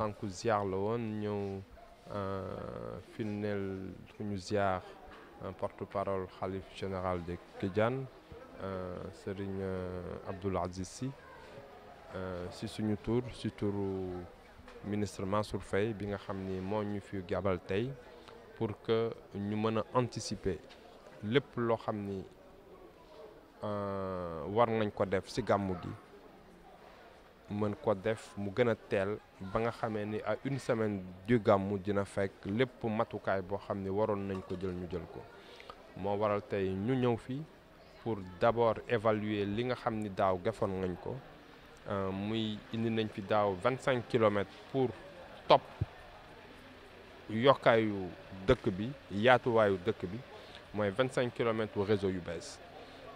tànku ziar la woon ñëw euh, firndeel suñu ziar euh, porte parole xalif général de Tidiane euh, sëriñ Abdoul Aziz Sy si suñu tur si turu ministre Mansour Faye bi nga xam ni moo ñu fi gabal tey pour que ñu mën a anticiper lépp loo xam ni war nañ ko def si gàmmu gi. mën ko def mu gën a teel ba nga xamee ni à une semaine du gàmmu dina fekk lépp matukaay boo xam ni waroon nañ ko jël ñu jël ko moo waral tey ñu ñëw fii pour d'abord évaluer li nga xam ni daaw gefoon nañ ko euh, muy indi nañ fi daaw vingt cinq kilomètres pour topp yokkaayu dëkk bi yaatuwaayu dëkk bi mooy vingt cinq kilomètres réseau yu bees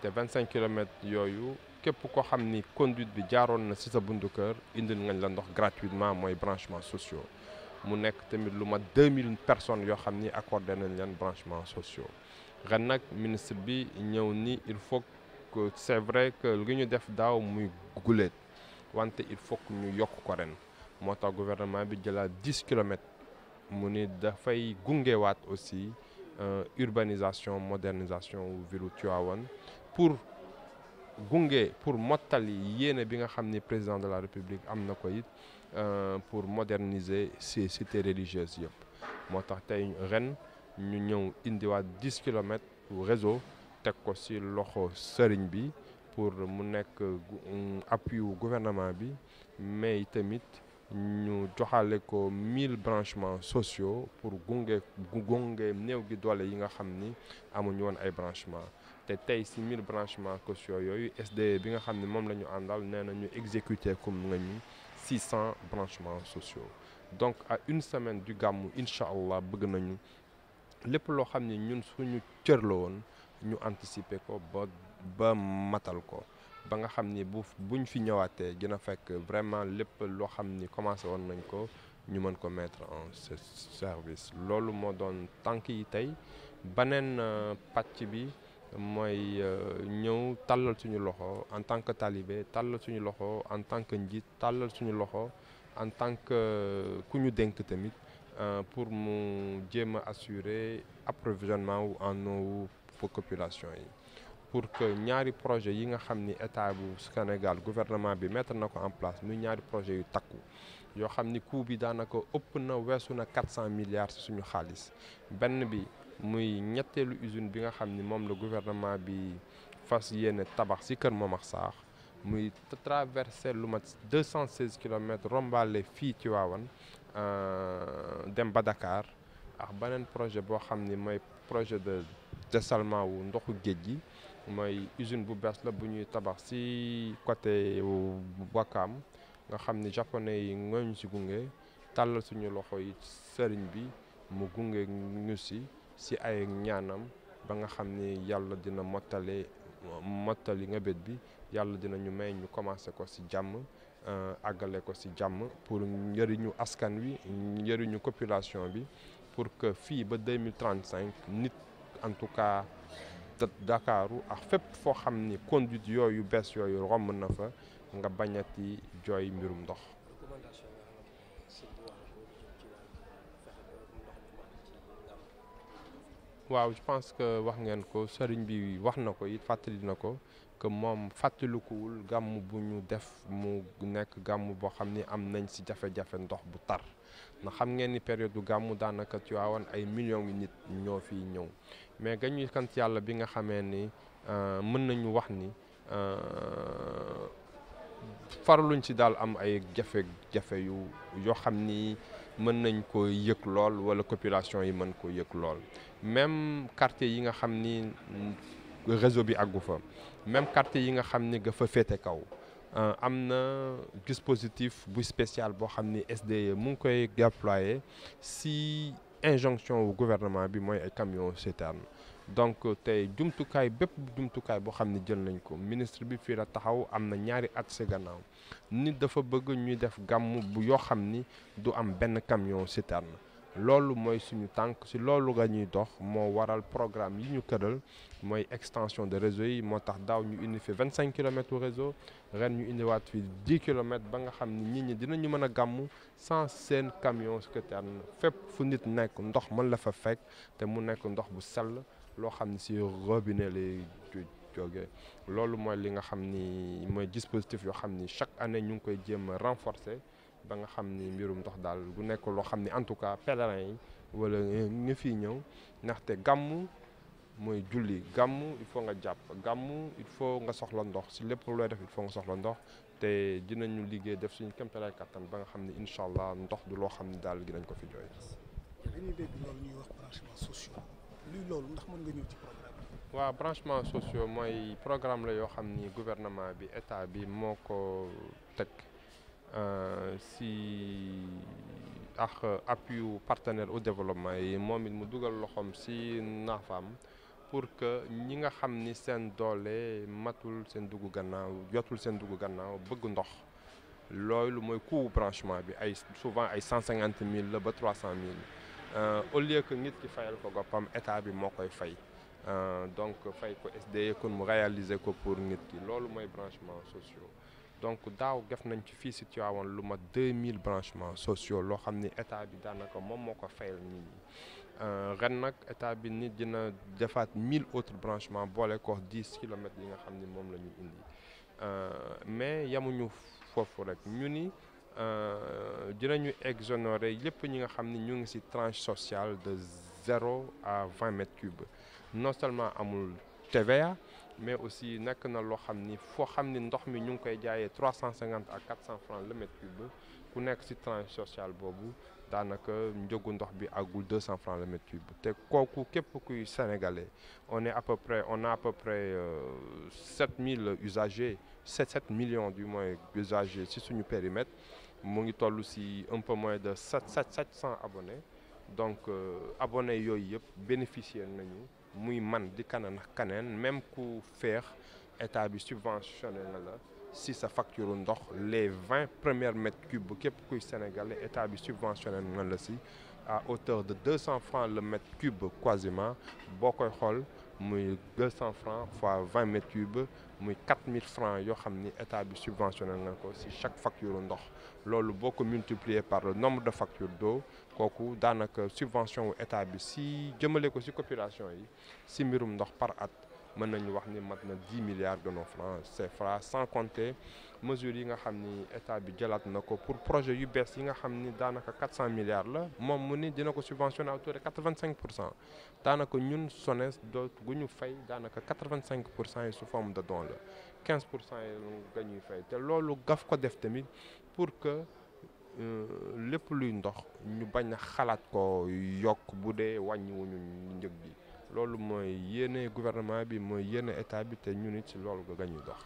te vingt cinq kilomètres yooyu képp koo xam ni conduite bi jaaroon na ci sa buntu kër indil ngañ la ndox gratuitement mooy branchement sociaux mu nekk tamit lu ma 2000 personnes yoo xam ni ak accordé nañ leen branchement sociaux ren nag ministre bi ñëw ni il faut que c'est vrai que li ñu def daaw muy guléet wante il faut que ñu yokk ko ren moo tax gouvernement bi jëlaat 10 kilomètres mu ni dafay gungewaat aussi euh, urbanisation modernisation wu ville Tivaouane gunge pour mottali yéene bi nga xam ni président de la république am na ko it euh, pour moderniser ces cités religieuses yëpp moo tax tey ren ñu ñëw indiwaat dix kilomètres réseau teg ko ci loxo sëriñ bi pour mu nekk mm, appui wu gouvernement bi mais tamit ñu joxale ko mille branchements sociaux pour gunge gunge néew gi doole yi nga xam ni amuñu woon ay branchements. te tey si mille branchement sociaux yooyu SDE bi nga xam ne moom la ñu àndal nee na ñu exécuté comme nga ñu six cent branchements sociaux donc à une semaine du gàmmu incha allah bëgg nañu lépp loo xam ne ñun suñu cër la woon ñu anticiper ko ba matal ko ba nga xam ni bu buñ fi ñëwaatee dina fekk vraiment lépp loo xam ni commencé woon nañ ko ñu mën ko mettre en service loolu moo doon tànk yi tey beneen euh, pàcc bi. mooy euh, ñëw tàllal suñu loxo en tant que talibé tàllal suñu loxo en tant que njiit tàllal suñu loxo en tant que euh, ku ñu dénk tamit euh, pour mu jéem a assurer approvisionnement wu en eau pour population yi pour que ñaari projet yi nga xam ni état bu Sénégal gouvernement bi mettre na ko en place muy ñaari projet yu takku yoo xam ni coût bi daanaka ëpp na weesu na quatre cent milliards ci suñu xaalis benn bi. muy ñetteelu usine bi nga xam ni moom la gouvernement bi fas yéene tabax ci Kër Momar Sarr muy traversé lu mat deux cent seize kilomètres rombale fii ci waawan euh, dem ba Dakar ak beneen projet boo xam ni mooy projet de dessalement wu ndoxu géej gi mooy usine bu bees la bu ñuy tabax ci côté Wakaam nga xam ni japonais yi ñooñu ci gunge tàll suñu loxo yi sëriñ bi mu gunge ñu ci si ay ñaanam ba nga xam ni yàlla dina mottale mottali nga bét bi yàlla dina ñu may ñu commencé ko si jàmm euh, àggale ko si jàmm pour njëriñu askan wi njëriñu population bi pour que fii ba 2035 nit en tout cas Dakaaru ak fépp foo xam ni conduite yooyu bees yooyu romb na fa nga bañati jooy mbirum ndox waaw je pense que wax ngeen ko sëriñ bi wax na ko it fàttali na ko que moom fàttalikuwul gàmm bu ñu def mu nekk gàmm boo xam ni am nañ ci jafe-jafe ndox bu tar na xam ngeen ni période bu gàmm daanaka Tiwaawan ay millions yi nit ñoo fiy ñëw mais gañuy kant yàlla bi nga xamee ni euh, mën nañu wax ni euh, farluñ si daal am ay jafe-jafe yu yoo xam ni mën nañ ko yëg lool wala population yi mën koo yëg lool même quartier yi nga xam ni réseau bi àggu fa même quartier yi nga xam ni nga fa féete kaw euh, am na dispositif bu spécial boo xam ni SDE mu ngi koy déployer si injonction wu gouvernement bi mooy ay camion citerne donc tey jumtukaay bépp jumtukaay boo xam ne jël nañ ko ministre bi fii la taxaw am na ñaari at si gannaaw nit dafa bëgg ñuy def gàmm bu yoo xam ni du am benn camion citerne loolu mooy suñu tànk si loolu nga ñuy dox moo waral programme yi ñu këral mooy extension de réseau yi moo tax daaw ñu indi fi vingt cinq kilomètres réseau ren ñu indiwaat fi dix kilomètres ba nga xam ni nit ñi dinañu mën a gàmm sans seen camion citerne fépp fu nit nekk ndox mën la fa fekk te mu nekk ndox bu sell loo xam ne si robinet lay jóge loolu mooy li nga xam ni mooy dispositif yoo xam ni chaque année ñu ngi koy jéem a renforcer ba nga xam ni mbirum ndox daal bu nekk loo xam ni en tout cas pèlerin yi wala ñu fiy ñëw ndaxte gàmm mooy julli gàmm il faut nga jàpp gàmm il faut nga soxla ndox si lépp looy def il faut nga soxla ndox te ñu liggéey def suñu kéemtalaay kattan ba nga xam ni incha allah ndox du loo xam ni daal gi dañ ko fi jooy. dañuy luy loolu ndax mën nga ñëw ci programme bi. branchement sociaux mooy programme la yoo xam ni gouvernement bi état bi moo ko teg euh, si ak appui partenaire au développement yi moom it mu dugal loxoom si naafaam pour que ñi nga xam ni seen doole matul seen dugg gannaaw jotul seen dugg gannaaw bëgg ndox. loolu mooy coût branchement bi ay souvent ay cent cinquante mille la ba trois cent mille Euh, au lieu que nit ki fayal ko boppam état bi moo koy fay euh, donc fay ko SDE kon mu réaliser ko pour nit ki loolu mooy branchement sociaux donc daaw def nañ ci fii si waaw lu mat 2000 branchements sociaux loo xam ni état bi daanaka moom moo ko fayal nit ñi euh, ren nag état bi nit dina jafaat mille autres branchements boole ko 10 kilomètres yi nga xam ni moom la ñu indi mais yamuñu foofu rek ñu ni ji euh, dinañu exonéré lépp ñi nga xam ni ñu ngi ci tranche sociale de zéro à vingt mètres cubes non seulement amul TVA mais aussi nekk na loo xam ni foo xam ni ndox mi ñu ngi koy jaayee trois cent cinquante à quatre cent francs le mètre cube ku nekk ci tranche sociale boobu daanaka njëgu ndox bi àggul deux cent francs le mètre cube te kooku képp kuy sénégalais on est à peu près on a à peu près euh, sept mille usagers sept sept millions du moins usagers si suñu périmètre. mu ngi toll si un peu moins de sept sept cent abone donc euh, abonnés yooyu yëpp bénéficier nañu muy man di kanan ak kaneen même ku feex état bi subventionné na la si sa facture ndox les vingt premières mètres cubes képp kuy sénégalais état bi subventionné na la si à hauteur de deux cent francs le mètre cube quasiment boo koy xool. muy 200 francs fois 20 mètres cubes muy mille francs yoo xam ni état bi subventionné na ko si chaque facture ndox loolu boo ko multiplier par le nombre de factures d'eau kooku daanaka subvention wu état bi si jëmalee ko si population yi si mbirum ndox par at. mën nañu wax ni mat na dix milliards de nos francs CFA sans compter mesures yi nga xam ni état bi jëlaat na ko pour projet yu bees yi nga xam ni daanaka quatre cent milliards la moom mu ni dina ko subventionné à hauteur de quatre vingt cinq pour daanaka ñun SONES doo gu ñu fay daanaka quatre vingt cinq pour cent yi sous forme de don la pour cent yi nga ñuy fay te loolu gaf ko def tamit pour que. Euh, lépp luy ndox ñu bañ a xalaat ko yokk bu dee wàññiwuñu njëg bi loolu mooy yéene gouvernement bi mooy yéene état bi te ñun it ci loolu ga ñuy dox.